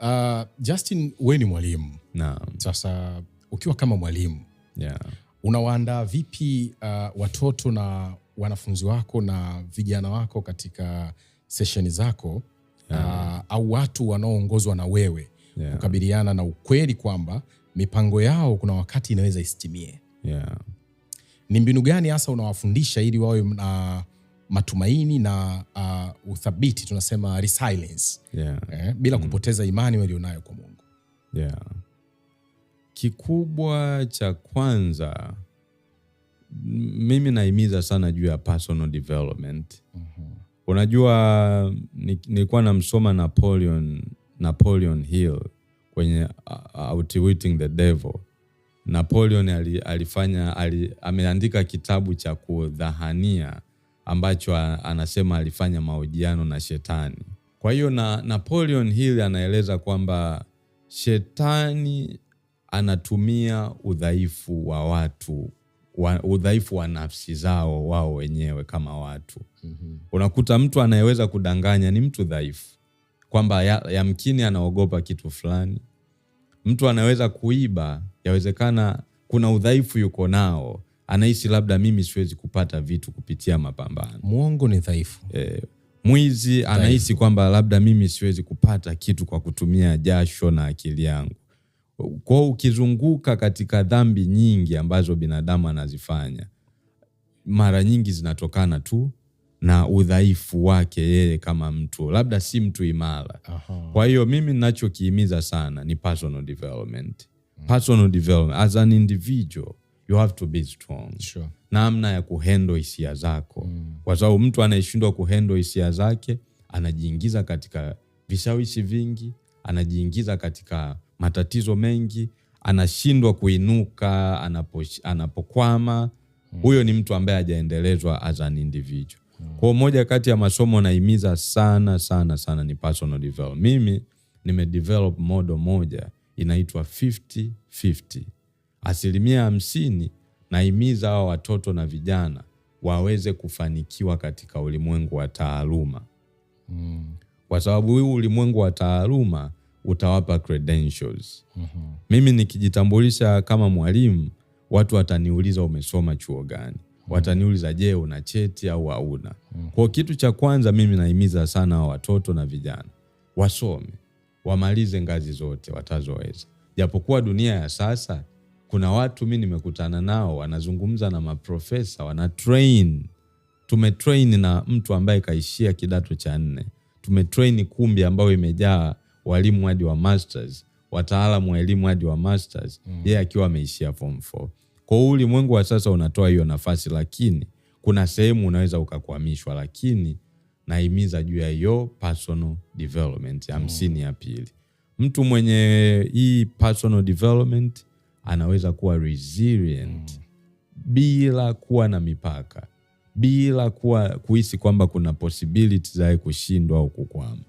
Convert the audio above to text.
Uh, Justin, we ni mwalimu na. Sasa ukiwa kama mwalimu yeah. Unawaandaa vipi uh, watoto na wanafunzi wako na vijana wako katika sesheni zako yeah. uh, au watu wanaoongozwa na wewe yeah. kukabiliana na ukweli kwamba mipango yao kuna wakati inaweza isitimie yeah. Ni mbinu gani hasa unawafundisha ili wawe na uh, matumaini na uh, uthabiti, tunasema resilience yeah. eh, bila mm. kupoteza imani walionayo kwa Mungu yeah. Kikubwa cha kwanza mimi naimiza sana juu ya personal development uh mhm. -huh. Unajua, nilikuwa namsoma Napoleon, Napoleon Hill kwenye uh, uh, Outwitting the Devil. Napoleon alifanya ali, ameandika kitabu cha kudhahania ambacho anasema alifanya mahojiano na shetani. Kwa hiyo na Napoleon Hill anaeleza kwamba shetani anatumia udhaifu wa watu wa, udhaifu wa nafsi zao wao wenyewe kama watu mm -hmm. Unakuta mtu anayeweza kudanganya ni mtu dhaifu, kwamba yamkini ya anaogopa kitu fulani. Mtu anaweza kuiba, yawezekana kuna udhaifu yuko nao anahisi labda mimi siwezi kupata vitu kupitia mapambano. Mwongo ni dhaifu. E, mwizi anahisi kwamba labda mimi siwezi kupata kitu kwa kutumia jasho na akili yangu. Kwao ukizunguka katika dhambi nyingi ambazo binadamu anazifanya, mara nyingi zinatokana tu na udhaifu wake yeye kama mtu, labda si mtu imara. Kwa hiyo mimi ninachokihimiza sana ni personal development. Mm. Personal development as an individual you have to be strong. Sure. Namna ya kuhendo hisia zako mm. Kwa sababu mtu anayeshindwa kuhendo hisia zake anajiingiza katika vishawishi vingi, anajiingiza katika matatizo mengi, anashindwa kuinuka anapo, anapokwama mm. Huyo ni mtu ambaye hajaendelezwa as an individual mm. Kwa moja kati ya masomo naimiza sana sana sana ni personal development. Mimi nimedevelop modo moja inaitwa 50 50 Asilimia hamsini naimiza hawa watoto na vijana waweze kufanikiwa katika ulimwengu wa taaluma mm. Kwa sababu huu ulimwengu wa taaluma utawapa credentials. Mm -hmm. Mimi nikijitambulisha kama mwalimu, watu wataniuliza umesoma chuo gani? Mm. Wataniuliza je, una cheti au hauna? Mm -hmm. Kwa kitu cha kwanza mimi nahimiza sana watoto na vijana wasome, wamalize ngazi zote watazoweza, japokuwa dunia ya sasa kuna watu mi nimekutana nao wanazungumza na maprofesa wana train, tumetrain na mtu ambaye kaishia kidato cha nne, tumetrain kumbi ambayo imejaa walimu hadi wa masters, wataalamu wa elimu hadi wa masters, mm. yeye akiwa ameishia form 4. Kwa hiyo ulimwengu wa sasa unatoa hiyo nafasi, lakini kuna sehemu unaweza ukakwamishwa, lakini nahimiza juu ya hiyo personal development hamsini mm. ya pili, mtu mwenye hii personal development anaweza kuwa resilient mm. bila kuwa na mipaka, bila kuwa kuhisi kwamba kuna possibility zae kushindwa au kukwama.